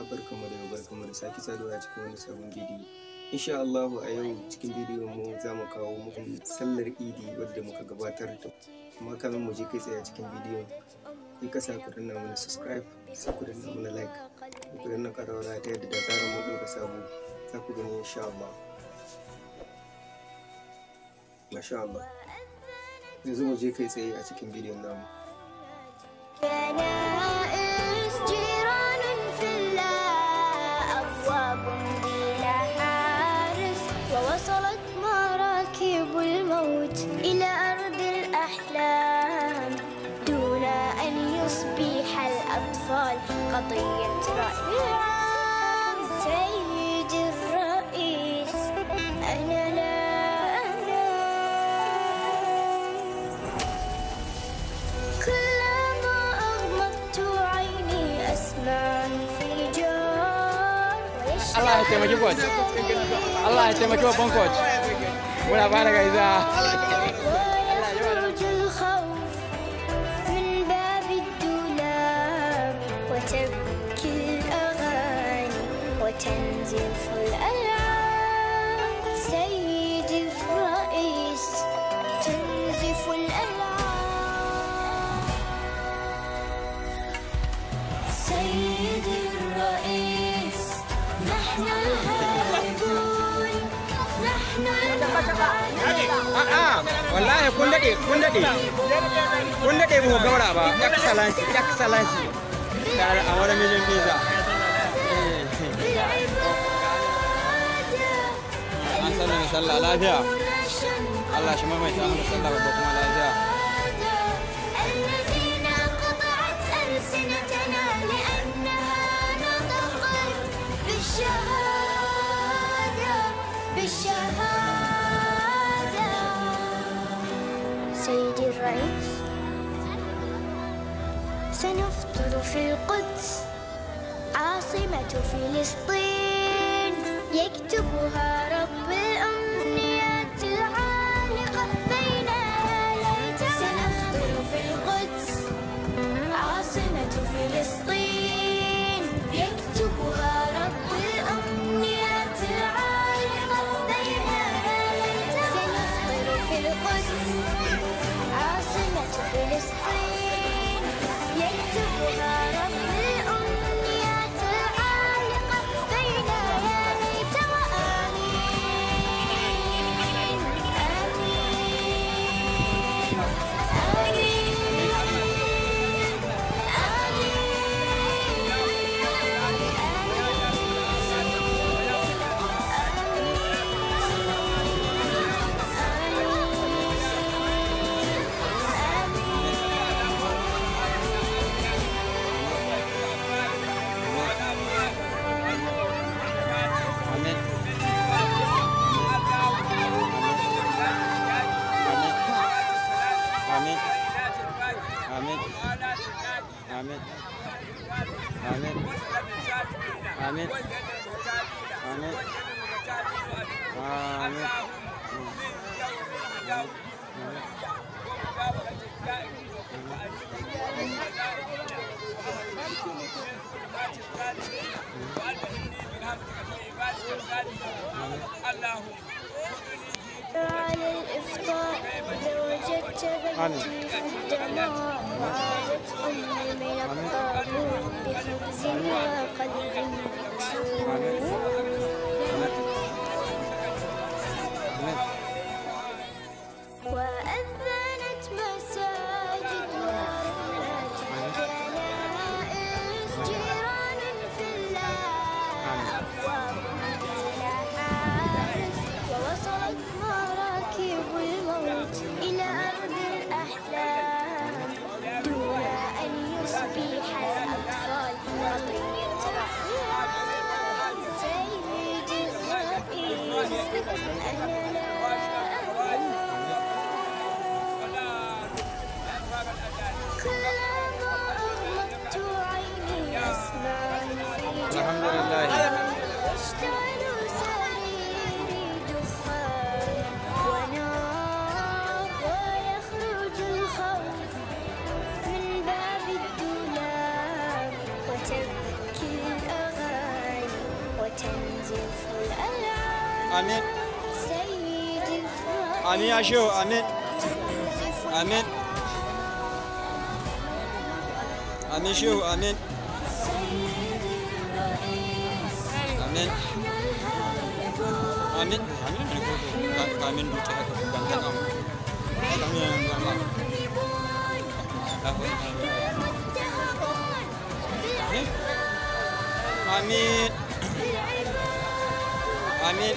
jama'a barkanmu da barkanmu da sake saduwa cikin wani sabon bidiyo insha Allah a yau cikin bidiyon mu za mu kawo muku sallar idi wadda muka gabatar da kuma kamin mu je kai tsaye cikin bidiyon ku kasa ku danna mana subscribe sai ku danna mana like ku danna karawa ta yadda da tsara mu ɗauka sabo za ku gani insha Allah masha Allah yanzu mu je kai tsaye a cikin bidiyon namu قضية رأي عام سيد الرئيس أنا لا أنام كلما أغمضت عيني أسمع Allah ya taimaki coach. Allah ya taimaki babban coach. Muna fara gaisa. ظرف الألعاب سيدي الرئيس تنزف الألعاب سيدي الرئيس نحن الهادون نحن الهادون والله kun daɗe كندي daɗe kun daɗe ba ku gaura ba excellency شاء الله لا جاء الله شو ما شاء الله لا جاء الذين قطعت ألسنتنا لأنها نطقت بالشهادة بالشهادة سيدي الرئيس سنفطر في القدس عاصمة فلسطين يكتبها رب Amen, Amen, Amen. Amin. اللهم 看你。I know. Amin. Amin à Jéhovah. Amin. Amin. Amin Jéhovah. Amin. Amin. Amin. Amin. Amin. Bucah aku bantang kamu. Amin. Amin. Amin. Amin.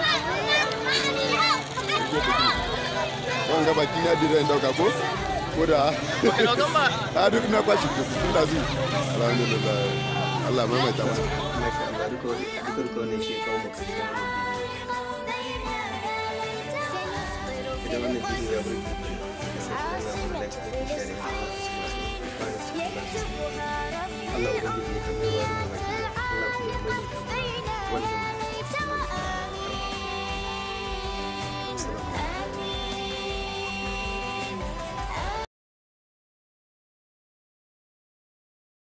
wani gaba kin a bira dauka ko ko da a duk na kwashi duk tun da zuwa alhamdulillah Allah mai mai Allah ubangiji ya kamar